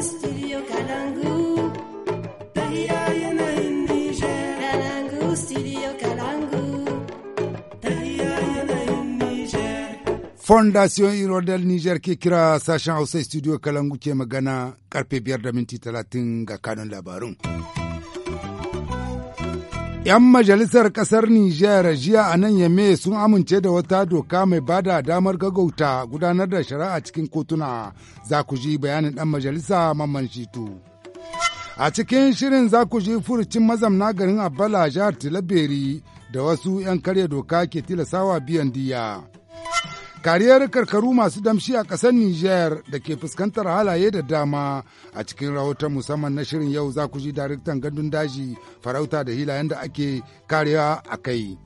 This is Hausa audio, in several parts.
studio Fondation Irodel Niger ke kira sashen Hausa studio Kalangu ke magana karfe biyar da minti talatin ga kanun labarun. 'Yan majalisar ƙasar Nijar jiya a nan Yame sun amince da wata doka mai bada damar gagauta gudanar da shari'a cikin kotuna za ku ji bayanin ɗan majalisa Mamman Shitu. A cikin shirin za ku ji furucin mazamna garin abala jihar Tilaberi da wasu 'yan karya doka ke tilasawa biyan diya. kariyar karkaru masu damshi a ƙasar Nijar da ke fuskantar halaye da dama a cikin rahoton musamman na shirin yau za ku ji daraktan gandun daji farauta da hila yadda ake kariya a kai.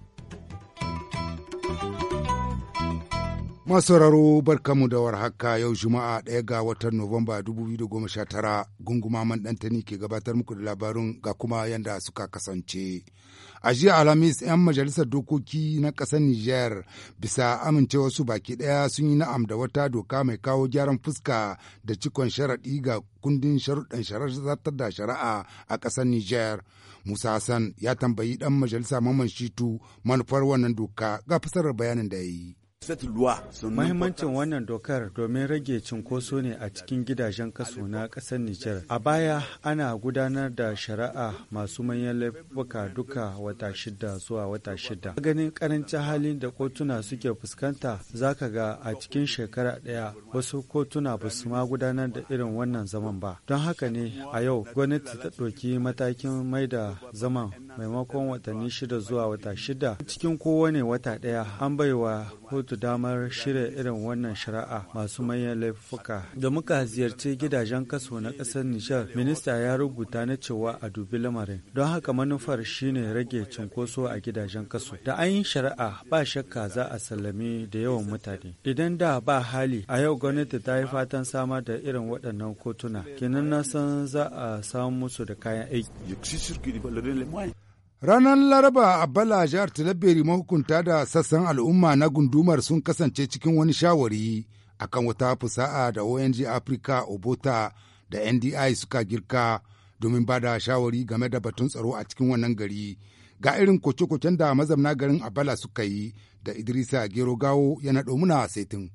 Masu sauraro barkamu da warhaka yau Juma'a ɗaya ga watan Nuwamba 2019 gunguma man ɗantani ke gabatar muku da labarin ga kuma yadda suka kasance. A jiya Alhamis 'yan majalisar dokoki na ƙasar Nijar bisa amincewa su baki ɗaya sun yi na'am da wata doka mai kawo gyaran fuska da cikon sharaɗi ga kundin sharuɗan zartar da shari'a a ƙasar Nijar. Musa Hassan ya tambayi ɗan majalisa Maman Shitu manufar wannan doka ga fasarar bayanin da ya yi. Mahimmancin wannan dokar domin rage cinkoso ne a cikin gidajen kaso na ƙasar Nijar. A baya ana gudanar da shari'a masu manyan laifuka duka wata shida zuwa wata shida. Ganin karancin halin da kotuna suke fuskanta zaka ga a cikin shekara ɗaya wasu kotuna ba su ma gudanar da irin wannan zaman ba. Don haka ne a yau gwamnati ta ɗauki matakin mai da zaman maimakon watanni shida zuwa wata shida cikin kowane wata ɗaya an baiwa kotu su damar shirya irin wannan shari'a masu manyan laifuka. Da muka ziyarci gidajen kaso na ƙasar Nijar, minista ya rubuta na cewa a dubi lamarin. Don haka manufar shine rage cunkoso a gidajen kaso. Da an yi shari'a ba shakka za a sallami da yawan mutane. Idan da ba hali, a yau gwamnati ta yi fatan samar da irin waɗannan kotuna. Kenan na san za a samu musu da kayan aiki. Ranar Laraba a Bala jihar Talabiri mahukunta da sassan al'umma na gundumar sun kasance cikin wani shawari a kan wata fusa'a da ONG Africa Obota da NDI suka girka domin ba da shawari game da batun tsaro a cikin wannan gari. Ga irin kwace-kwacen da mazamna garin Abala suka yi da Idrisa Gero Gawo ya naɗo a saitin.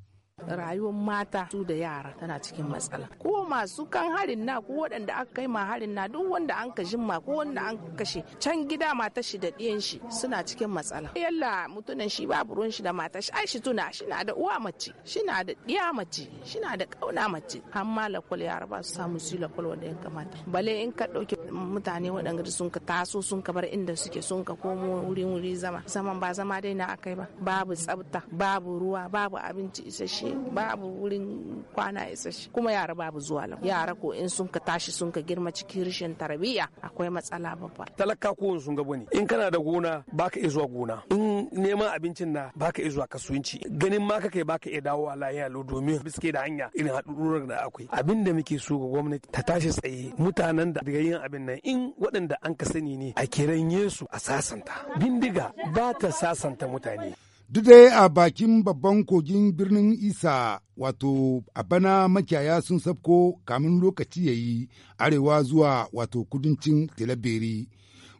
rayuwar mata su da yara tana cikin matsala ko masu kan harin na ko waɗanda aka kai ma harin na duk wanda an ka jimma ko wanda an kashe can gida matar shi da ɗiyan shi suna cikin matsala yalla mutunan shi babu ruwan shi da matar shi ai shi tuna shi na da uwa mace shi na da ɗiya mace shi na da ƙauna mace har ma lakwal yara ba su samu su lakwal wanda ya kamata bale in ka ɗauki mutane waɗanda sun ka taso sun ka bar inda suke sun ka komo wuri wuri zama zaman ba zama dai na akai ba babu tsafta babu ruwa babu abinci isasshe isasshe babu wurin kwana isasshe kuma yara babu zuwa lau yara ko in sun ka tashi sun ka girma cikin rashin tarbiyya akwai matsala babba talaka ko sun ga bane in kana da gona baka iya zuwa gona in neman abincin na baka iya zuwa kasuwanci ganin ma kake baka iya dawo a yalo domin biske da hanya irin haɗururar da akwai abin da muke so ga gwamnati ta tashi tsaye mutanen da daga yin abin nan in waɗanda an ka sani ne a kiran yesu a sasanta bindiga ba ta sasanta mutane Duk dai a bakin babban kogin birnin Isa wato a bana makiyaya sun sabko kamun lokaci ya yi arewa zuwa wato kudancin Tilaberi.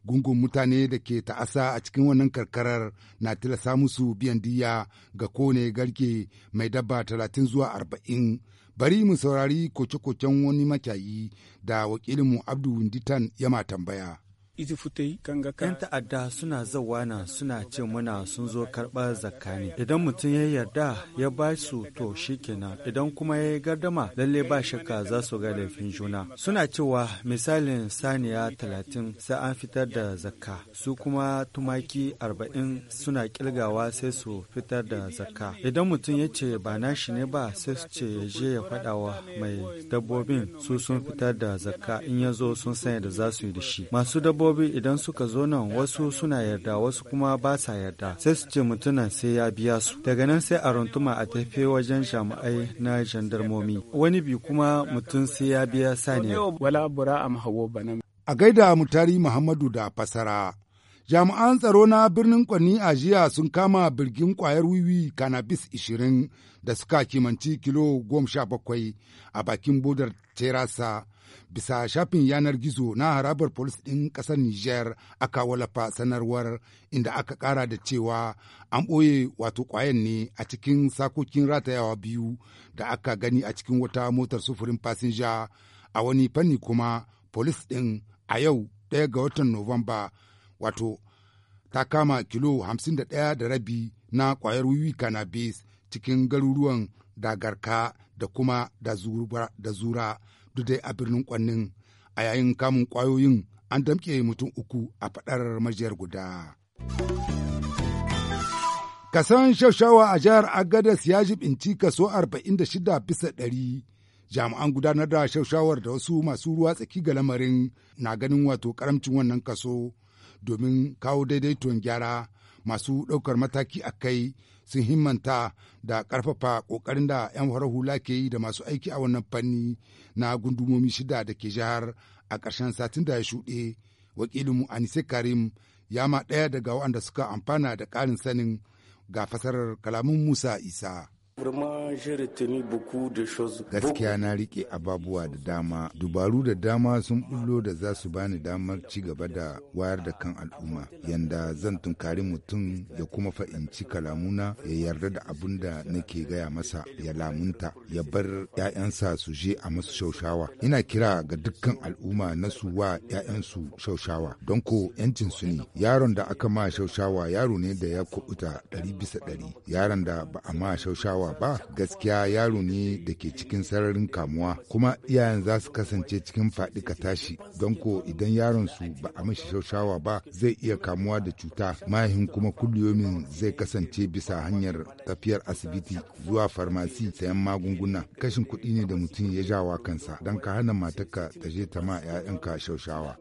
Gungun mutane da ke ta'asa a cikin wannan karkarar na tilasa musu biyan diya ga kone garke mai dabba talatin zuwa arba'in. Bari mu saurari koce-kocen wani makiyayi da wakilinmu Abdu Winditan yama tambaya. 'Yan ta'adda suna zawa na suna ce muna sun zo karɓar zakka ne. Idan mutum ya yarda ya ba su to shi kenan idan kuma ya yi gardama lalle ba shakka za su ga laifin juna. Suna cewa misalin saniya talatin sai an fitar da zakka su kuma tumaki arba'in suna kilgawa sai su fitar da zakka. Idan mutum ya ce ba nashi ne ba sai su ce ya je ya faɗawa mai dabbobin su sun fitar da zakka in ya zo sun sanya da za su yi da shi. Masu dabbobi direbobi idan suka zo nan wasu suna yarda wasu kuma ba sa yarda sai su ce mutunan sai ya biya su daga nan sai a runtuma a tafi wajen jami'ai na jandarmomi wani bi kuma mutum sai ya biya saniya a gaida mutari muhammadu da fasara jami'an tsaro na birnin kwani a jiya sun kama birgin kwayar wiwi cannabis ishirin da suka kimanci kilo bakwai a bakin bodar terasa bisa shafin yanar gizo na harabar polis ɗin ƙasar Nijar aka wallafa sanarwar inda aka ƙara da cewa an ɓoye wato kwayan ne a cikin sakokin ratayawa biyu da aka gani a cikin wata motar sufurin fasinja a wani fanni kuma polis ɗin a yau ɗaya ga watan Nuwamba wato ta kama kilo hamsin da rabi na ƙwayar wiwi cannabis cikin garuruwan dagarka da kuma da zura. dai a birnin kwannin a yayin kamun kwayoyin an damke mutum uku a faɗar majiyar guda. Kasan shaushawa a jihar Agadas ya binci kaso 46 bisa ɗari. Jami'an gudanar da shaushawar da wasu masu ruwa tsaki ga lamarin na ganin wato karamcin wannan kaso domin kawo daidaiton gyara masu ɗaukar mataki a kai sun himmanta da ƙarfafa ƙoƙarin da 'yan farar hula ke yi da masu aiki a wannan fanni na gundumomi shida da ke jihar a ƙarshen satin da ya shuɗe wakilinmu anise karim ya ma ɗaya daga waɗanda suka amfana da ƙarin sanin ga fasarar kalamun musa isa. Gaskiya na rike ababuwa da dama, dubaru da dama sun bullo da za su bani damar ci gaba da wayar da kan al'umma, yanda zan tunkari mutum ya kuma fa'inci kalamuna ya yarda da abin da nake gaya masa ya lamunta ya bar 'ya'yansa su je a masu shaushawa. Ina kira ga dukkan al'umma na su wa 'ya'yansu shaushawa, don ko 'yancin su ne. Yaron da aka ma shaushawa yaro ne da ya kubuta ɗari bisa ɗari, yaron da ba a ma shaushawa yawa ba gaskiya yaro ne da ke cikin sararin kamuwa kuma iyayen za su kasance cikin faɗi ka tashi don ko idan yaron su ba a mashi shaushawa ba zai iya kamuwa da cuta mahin kuma kulliyomin zai kasance bisa hanyar tafiyar asibiti zuwa farmasi sayan magunguna kashin kuɗi ne da mutum ya jawa kansa don ka hana matarka ta je ta ma 'ya'yanka shaushawa.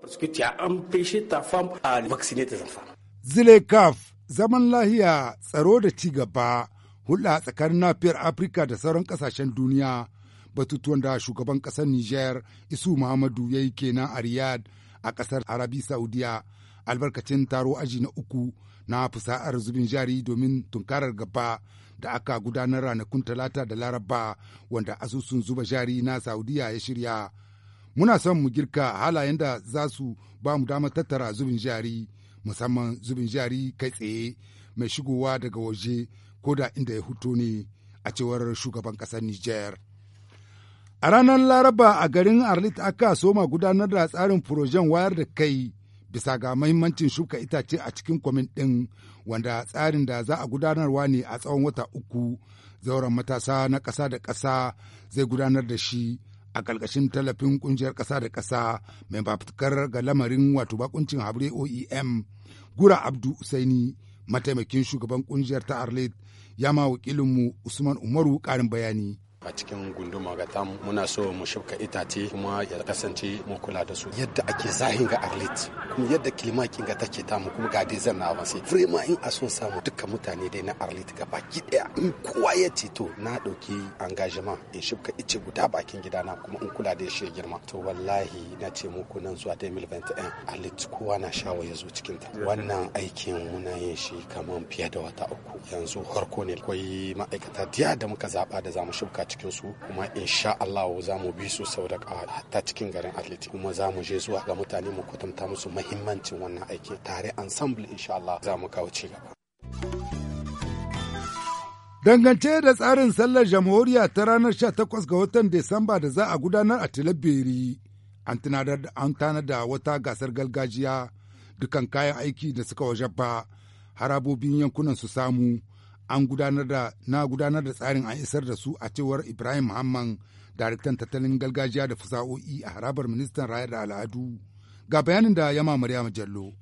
Zile kaf zaman lahiya tsaro da ci gaba hulɗa tsakanin nafiyar afirka da sauran ƙasashen duniya batutuwan da shugaban ƙasar niger isu muhammadu ya yi kenan a riyad a ƙasar arabi saudiya albarkacin taro aji na uku na fusa'ar zubin jari domin tunkarar gaba da aka gudanar ranakun talata da laraba wanda asusun zuba jari na saudiya ya shirya muna son mu girka halayen da za su ba mu damar tattara zubin jari musamman zubin jari kai tsaye mai shigowa daga waje ko da inda ya hutu ne a cewar shugaban ƙasar Nijar. A ranar Laraba a garin Arlit aka soma gudanar da tsarin furojen wayar da kai bisa ga mahimmancin shuka itace a cikin kwamin ɗin wanda tsarin da za a gudanarwa ne a tsawon wata uku zauren matasa na ƙasa da ƙasa zai gudanar da shi a ƙarƙashin tallafin ƙungiyar ƙasa da ƙasa mai fafutukar ga lamarin wato bakuncin habre oem gura abdu usaini mataimakin shugaban kungiyar ta arlet ya ma wakilinmu usman umaru karin bayani a cikin gunduma ga tam muna so mu shibka itace kuma ya kasance mu kula da su yadda ake zahin ga arlit kuma yadda kilimakin ga take tamu kuma ga dai zan na avance in a son samu dukkan mutane dai na arlit ga baki daya in kowa ya ce to na dauki engagement in shibka ice guda bakin gidana kuma in kula da shi girma to wallahi na ce muku nan zuwa 2021 arlit kowa na shawo ya zo cikin ta wannan aikin muna yin shi kamar fiye da wata uku yanzu farko ne akwai ma'aikata diya da muka zaba da zamu shibka cikin su kuma insha Allah za mu bi su sau da cikin garin Atleti kuma za mu je zuwa ga mutane mu kwatanta musu mahimmancin wannan aiki tare ensemble insha Allah za mu kawo ci Dangance da tsarin sallar jamhuriya ta ranar 18 ga watan Disamba da za a gudanar a Tilabiri, an da wata gasar gargajiya dukan kayan aiki da suka wajabba harabobin yankunan su samu an gudanar da na gudanar da tsarin an isar da su a cewar Ibrahim Muhammad daraktan tattalin gargajiya da fasa'o'i a harabar ministan rayar da al'adu ga bayanin da ya Maryam Jallo.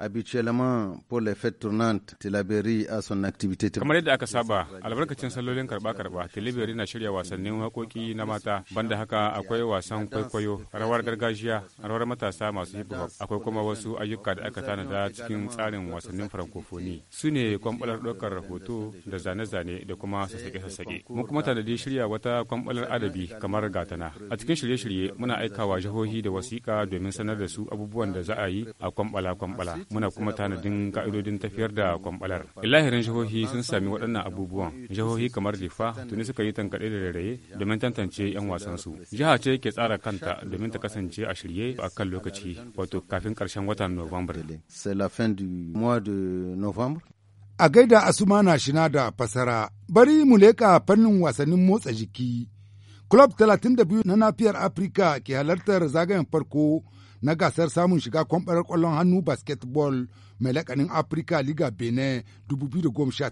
habituellement pour les fêtes tournantes Tilaberi a son activité kamar yadda aka saba albarkacin sallolin karba karba Tilaberi na shirya wasannin waƙoƙi na mata banda haka akwai wasan kwaikwayo rawar gargajiya rawar matasa masu hip hop akwai kuma wasu ayyuka da aka tanada cikin tsarin wasannin francophonie su ne kwambalar ɗaukar hoto da zane-zane da kuma sassaƙe-sassaƙe mun kuma tanadi shirya wata kwambalar adabi kamar gatana a cikin shirye-shirye muna aikawa jihohi da wasiƙa domin sanar da su abubuwan da za a yi a kwambala kwambala muna kuma tanadin ka'idodin tafiyar da kwambalar lahirin jihohi sun sami waɗannan abubuwan jihohi kamar difa tuni suka yi tankaɗe da rairaye domin tantance 'yan wasansu jiha ce ke tsara kanta domin ta kasance a shirye a kan lokaci wato kafin ƙarshen watan nuwambar a gaida na shina da fasara bari mu leƙa fannin wasannin motsa jiki club 32 na nafiyar afirka ke halartar zagayen farko na gasar samun shiga kwamfarar kwallon hannu basketball mai lakanin Africa Liga Benin 2019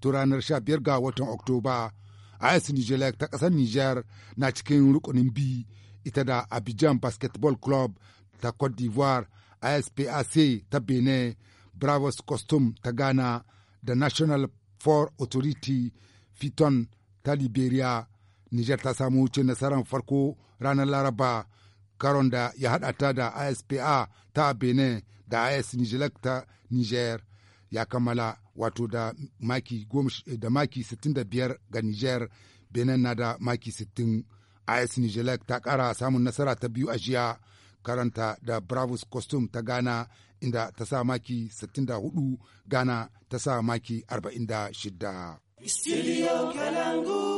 ta ranar 15 ga watan Oktoba. AS Nijelek ta ƙasar Nijar na cikin rukunin bi ita da Abidjan Basketball Club ta Cote d'Ivoire, ASPAC ta Benin, Bravos Costume ta Ghana da National for Authority Fiton ta Liberia. Nijar ta samu wuce nasarar farko ranar Laraba karon da ya haɗa ta da ISPA ta Benin da IS Nijilak ta Niger ya kammala wato da maki da maki 65 ga Niger Benin na da maki 60 IS Nijilak ta ƙara samun nasara ta biyu a jiya karanta da Bravos Costume ta Ghana inda ta sa maki 64 Ghana ta sa maki 46. Kalangu.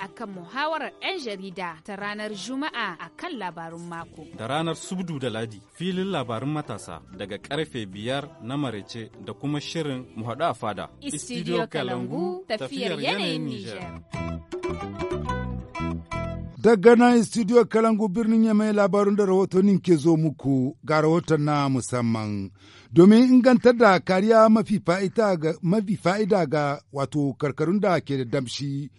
akan muhawarar 'yan jarida ta ranar Juma'a a kan labarun mako. Da ranar Subdu da Ladi filin labarun matasa daga karfe biyar na marece da kuma shirin muhaɗu a fada. Istidiyo Kalangu tafiyar yanayin Nijar. Daga nan Kalangu birnin ya mai labarun da rahotonin ke zo muku ga rahoton na musamman. Domin ingantar da kariya mafi fa'ida ga wato karkarun da ke da damshi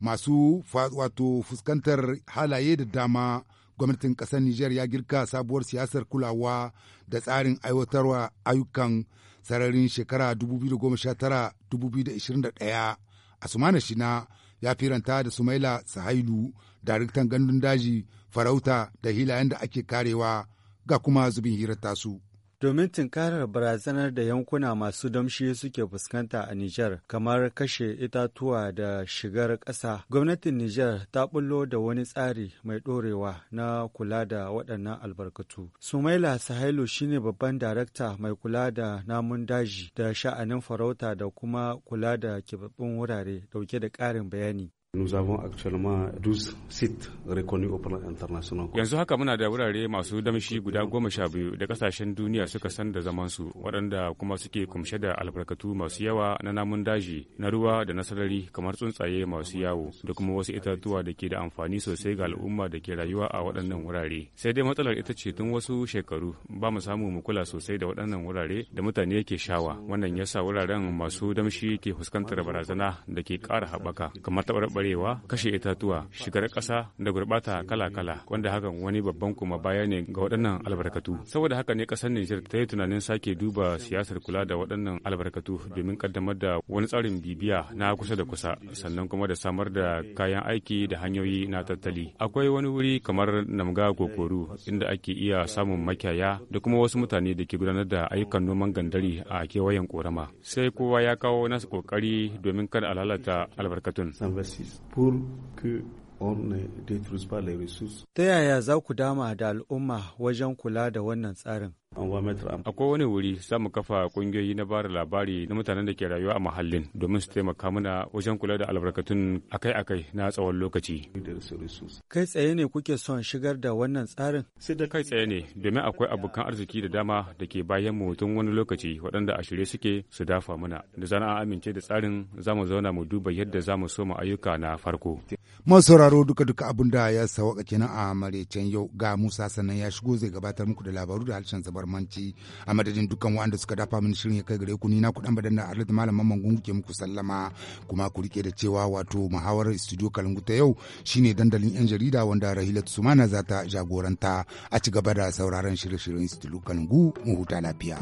masu wato fuskantar halaye da dama gwamnatin ƙasar Nijar ya girka sabuwar siyasar kulawa da tsarin aiwatarwa ayyukan sararin shekara 2019-2021 Asumana Shina ya firanta da Sumaila Sahailu, daraktan gandun daji, farauta da hilayen da ake karewa ga kuma zubin hirar tasu. domin tunkarar barazanar da yankuna masu damshi suke fuskanta a Nijar kamar kashe itatuwa da shigar ƙasa. Gwamnatin Nijar ta bullo da wani tsari mai ɗorewa na kula da waɗannan albarkatu. Sumaila Sahailu shine babban darakta mai kula da namun daji da sha'anin farauta da kuma kula da keɓaɓɓun wurare dauke da ƙarin bayani. Nous avons actuellement 12 sites reconnus au plan international. Yanzu haka muna da wurare masu damshi guda goma sha biyu da kasashen duniya suka san da zamansu waɗanda kuma suke kumshe da albarkatu masu yawa na namun daji na ruwa da na sarari kamar tsuntsaye masu yawo da kuma wasu itatuwa da ke da amfani sosai ga al'umma da ke rayuwa a waɗannan wurare. Sai dai matsalar ita ce tun wasu shekaru ba mu samu mu kula sosai da waɗannan wurare da mutane ke shawa wannan yasa wuraren masu damshi ke fuskantar barazana da ke ƙara haɓaka kamar taɓarɓar barewa kashe itatuwa shigar ƙasa da gurɓata kala-kala wanda hakan wani babban kuma baya ne ga waɗannan albarkatu saboda haka ne ƙasar Nijar ta yi tunanin sake duba siyasar kula da waɗannan albarkatu domin kaddamar da wani tsarin bibiya na kusa da kusa sannan kuma da samar da kayan aiki da hanyoyi na tattali akwai wani wuri kamar namga gokoru inda ake iya samun makiyaya da kuma wasu mutane da ke gudanar da ayyukan noman gandari a kewayen korama sai kowa ya kawo nasu kokari domin kada a lalata albarkatun justice pour que on ne détruise pas les ressources. Ta yaya za ku dama da al'umma wajen kula da wannan tsarin? Akwai wani wuri za mu kafa kungiyoyi na bada labari na mutanen da ke rayuwa a muhallin domin su taimaka mana wajen kula da albarkatun akai-akai na tsawon lokaci. Kai tsaye ne kuke son shigar da wannan tsarin? Kai tsaye ne domin akwai abokan arziki da dama da ke bayan mu tun wani lokaci waɗanda a shirye suke su dafa mana. Da zana an amince da tsarin za mu zauna mu duba yadda za mu so mu ayyuka na farko. Masu sauraro duka-duka abin da ya sawaka kenan a maraicen yau ga Musa sannan ya shigo zai gabatar muku da labaru da harshen zaba barmanci a madadin dukkan waɗanda suka dafa mini shirin ya kai gare ku ni na kuɗan badan da arlit malam mamman gungu ke muku sallama kuma ku rike da cewa wato muhawarar studio kalangu ta yau shine dandalin yan jarida wanda rahilat sumana za ta jagoranta a ci gaba da sauraron shirye-shiryen studio kalangu mu huta lafiya.